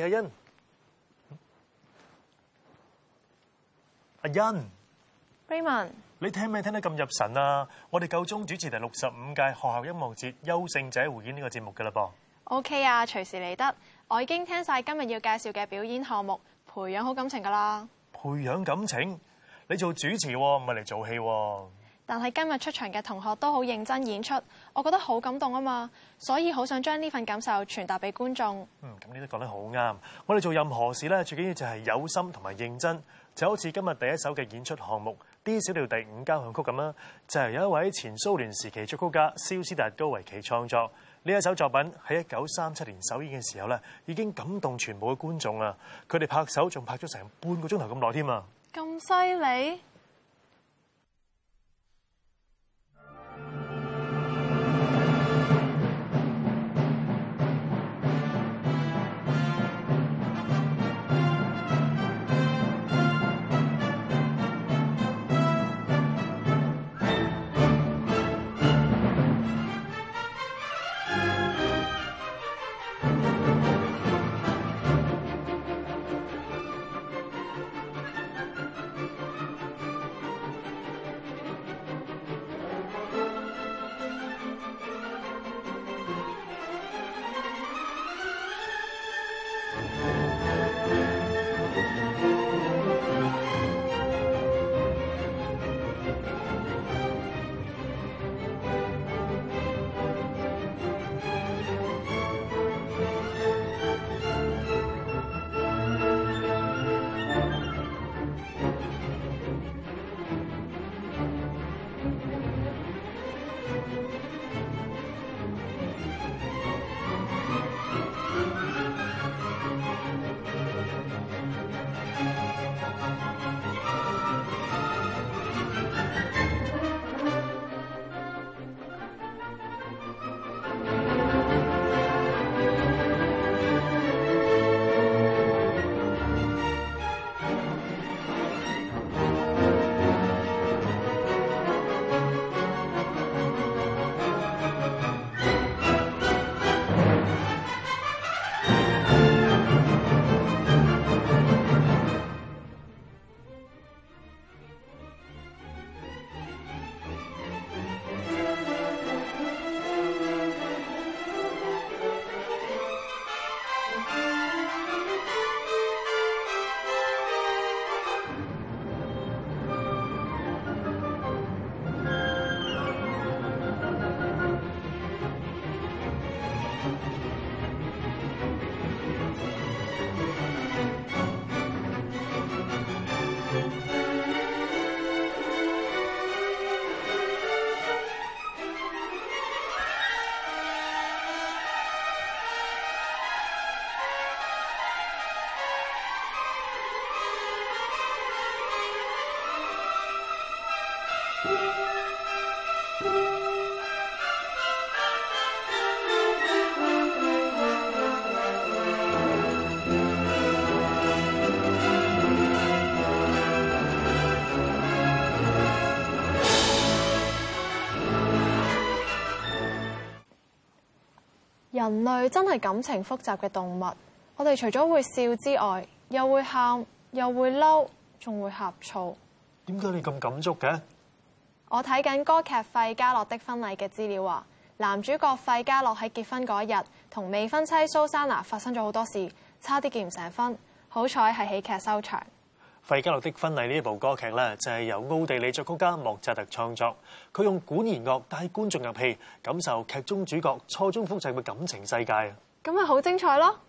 阿欣，阿欣，Raymond，你聽咩聽得咁入神啊？我哋夠鐘主持第六十五屆學校音樂節優勝者匯演呢個節目噶啦噃。OK 啊，隨時嚟得。我已經聽晒今日要介紹嘅表演項目，培養好感情噶啦。培養感情，你做主持唔係嚟做戲。但係今日出場嘅同學都好認真演出，我覺得好感動啊嘛，所以好想將呢份感受傳達俾觀眾。嗯，咁你都講得好啱。我哋做任何事咧，最緊要就係有心同埋認真。就好似今日第一首嘅演出項目《D 小調第五交響曲》咁啦，就係有一位前蘇聯時期作曲家蕭斯達高維奇創作呢一首作品，喺一九三七年首演嘅時候咧，已經感動全部嘅觀眾喇！佢哋拍手仲拍咗成半個鐘頭咁耐添啊！咁犀利！人類真係感情複雜嘅動物，我哋除咗會笑之外，又會喊，又會嬲，仲會呷醋。點解你咁感觸嘅？我睇緊歌劇費加洛的婚禮嘅資料話，男主角費加洛喺結婚嗰日，同未婚妻蘇珊娜發生咗好多事，差啲結唔成婚，好彩係喜劇收場。費加洛的婚禮呢部歌劇咧，就係由奧地利作曲家莫扎特創作，佢用管弦樂帶觀眾入戲，感受劇中主角錯綜複雜嘅感情世界啊！咁咪好精彩咯～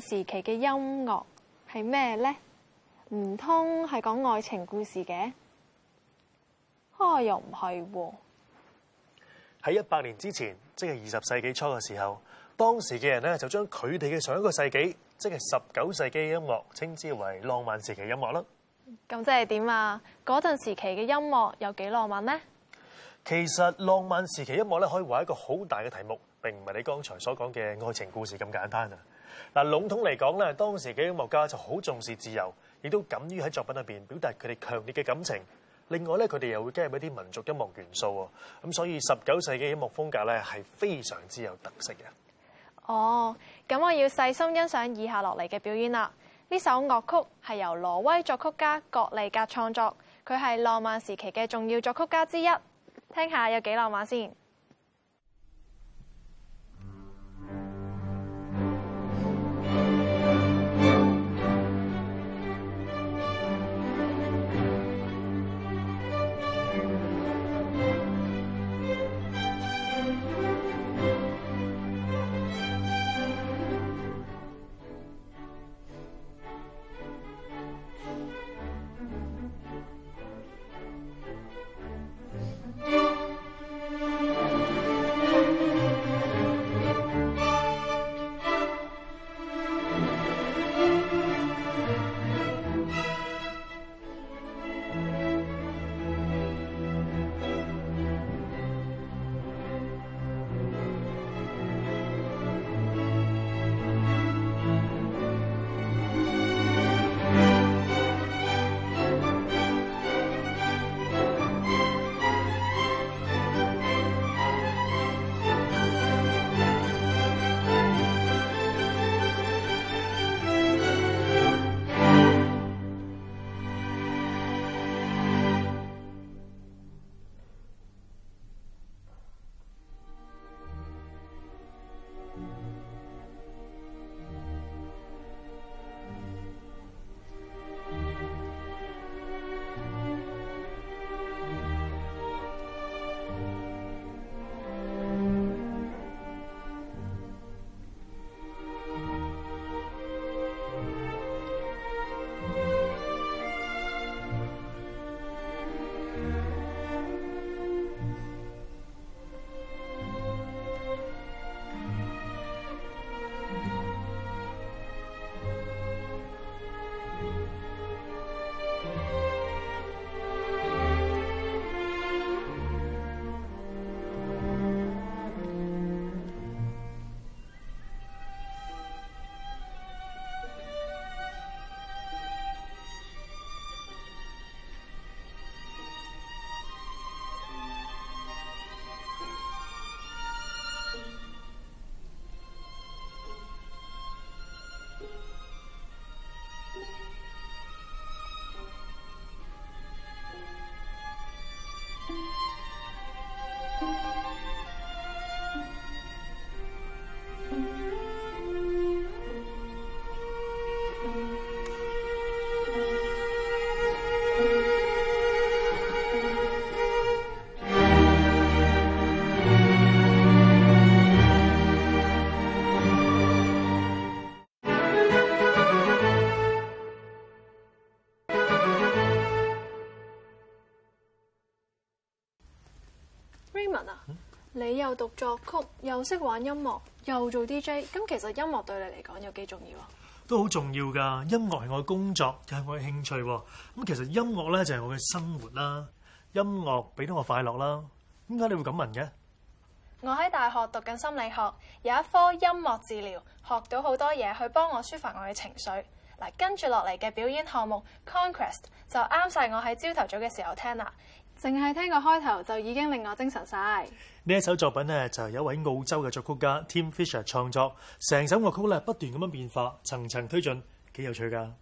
時期嘅音樂係咩咧？唔通係講愛情故事嘅？開、哎、又唔係喎。喺一百年之前，即係二十世紀初嘅時候，當時嘅人咧就將佢哋嘅上一個世紀，即係十九世紀嘅音樂，稱之為浪漫時期音樂啦。咁即係點啊？嗰陣時期嘅音樂有幾浪漫呢？其實浪漫時期音樂咧可以話一個好大嘅題目，並唔係你剛才所講嘅愛情故事咁簡單啊。嗱，籠統嚟講咧，當時嘅音樂家就好重視自由，亦都敢於喺作品裏邊表達佢哋強烈嘅感情。另外咧，佢哋又會加入一啲民族音樂元素喎。咁所以十九世紀音樂風格咧係非常之有特色嘅。哦，咁我要細心欣賞以下落嚟嘅表演啦。呢首樂曲係由挪威作曲家葛利格創作，佢係浪漫時期嘅重要作曲家之一。聽下有幾浪漫先。你又讀作曲，又識玩音樂，又做 DJ，咁其實音樂對你嚟講有幾重要啊？都好重要噶，音樂係我嘅工作，又係我嘅興趣。咁其實音樂咧就係我嘅生活啦，音樂俾到我快樂啦。點解你會咁問嘅？我喺大學讀緊心理學，有一科音樂治療，學到好多嘢去幫我抒發我嘅情緒。嗱，跟住落嚟嘅表演項目 Conquest 就啱晒我喺朝頭早嘅時候聽啦。淨係聽個開頭就已經令我精神晒。呢一首作品呢，就係有一位澳洲嘅作曲家 Tim Fisher 創作，成首樂曲咧不斷咁樣變化，層層推進，幾有趣噶。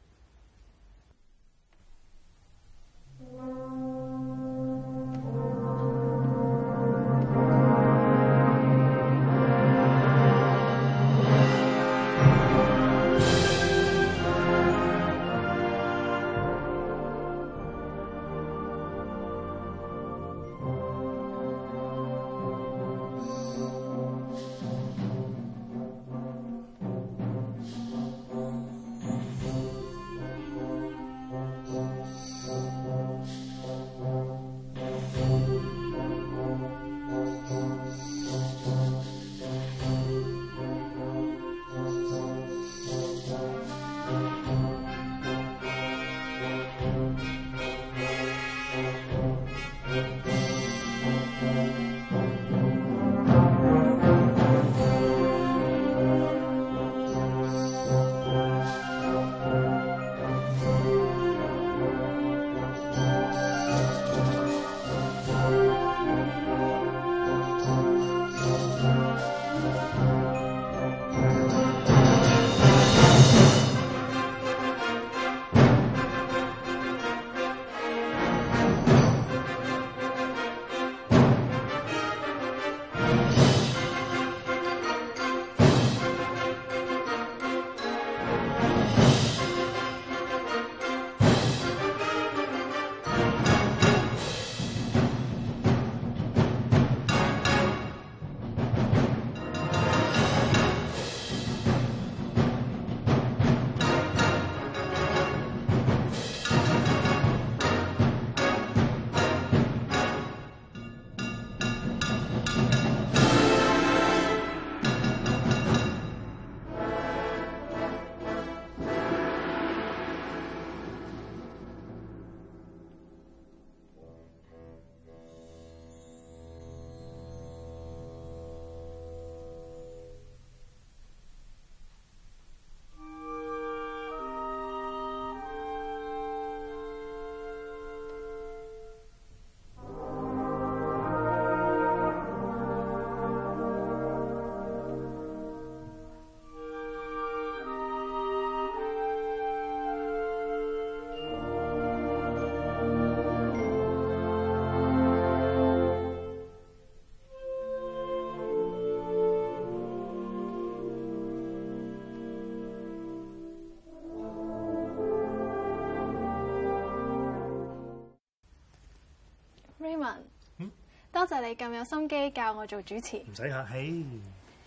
多謝，謝你咁有心機教我做主持，唔使客氣。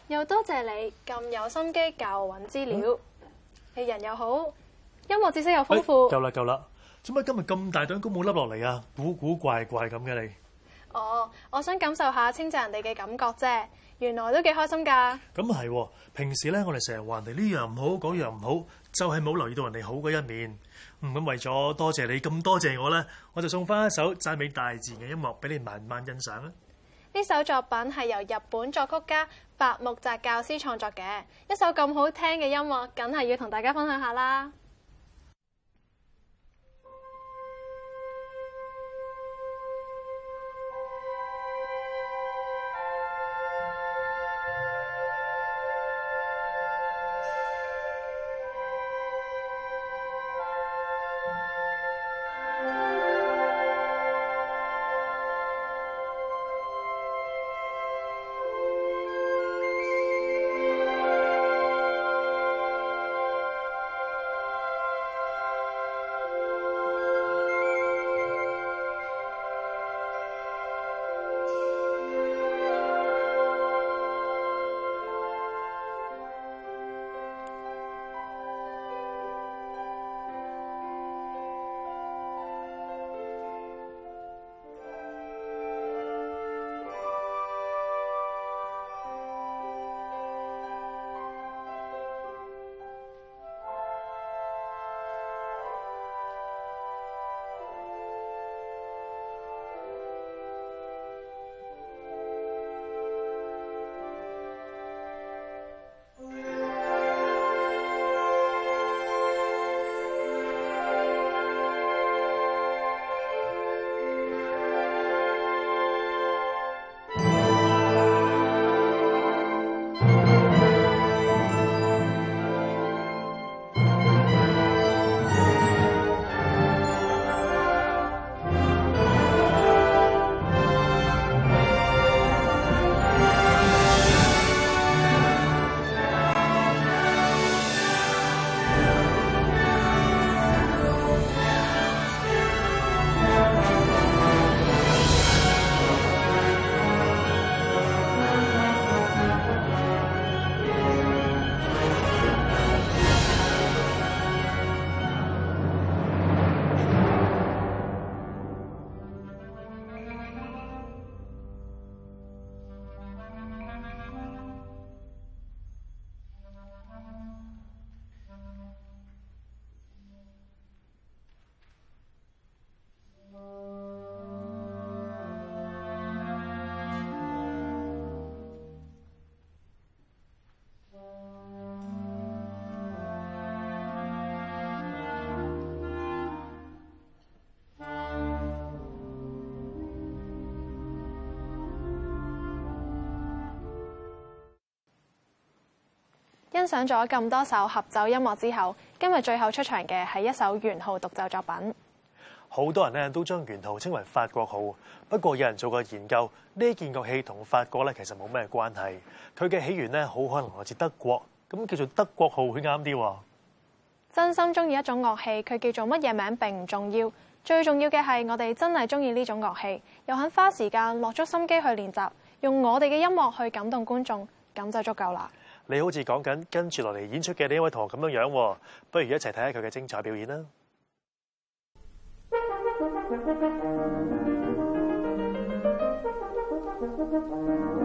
又多謝你咁有心機教我搵資料，啊、你人又好，音樂知識又豐富。夠啦夠啦，做乜今日咁大堆高帽笠落嚟啊？古古怪怪咁嘅你。哦，我想感受下稱讚人哋嘅感覺啫。原來都幾開心噶，咁係、嗯啊，平時咧我哋成日話人哋呢樣唔好，嗰樣唔好，就係、是、冇留意到人哋好嘅一面。唔、嗯、咁為咗多謝你咁多謝我咧，我就送翻一首讚美大自然嘅音樂俾你慢慢欣賞啦。呢首作品係由日本作曲家八木澤教司創作嘅，一首咁好聽嘅音樂，梗係要同大家分享下啦。欣賞咗咁多首合奏音樂之後，今日最後出場嘅係一首圓號獨奏作品。好多人呢都將圓號稱為法國號，不過有人做過研究，呢件樂器同法國咧其實冇咩關係，佢嘅起源呢，好可能來自德國，咁叫做德國號會啱啲。真心中意一種樂器，佢叫做乜嘢名並唔重要，最重要嘅係我哋真係中意呢種樂器，又肯花時間落足心機去練習，用我哋嘅音樂去感動觀眾，咁就足夠啦。你好似講緊跟住落嚟演出嘅呢一位同學咁樣樣，不如一齊睇下佢嘅精彩表演啦！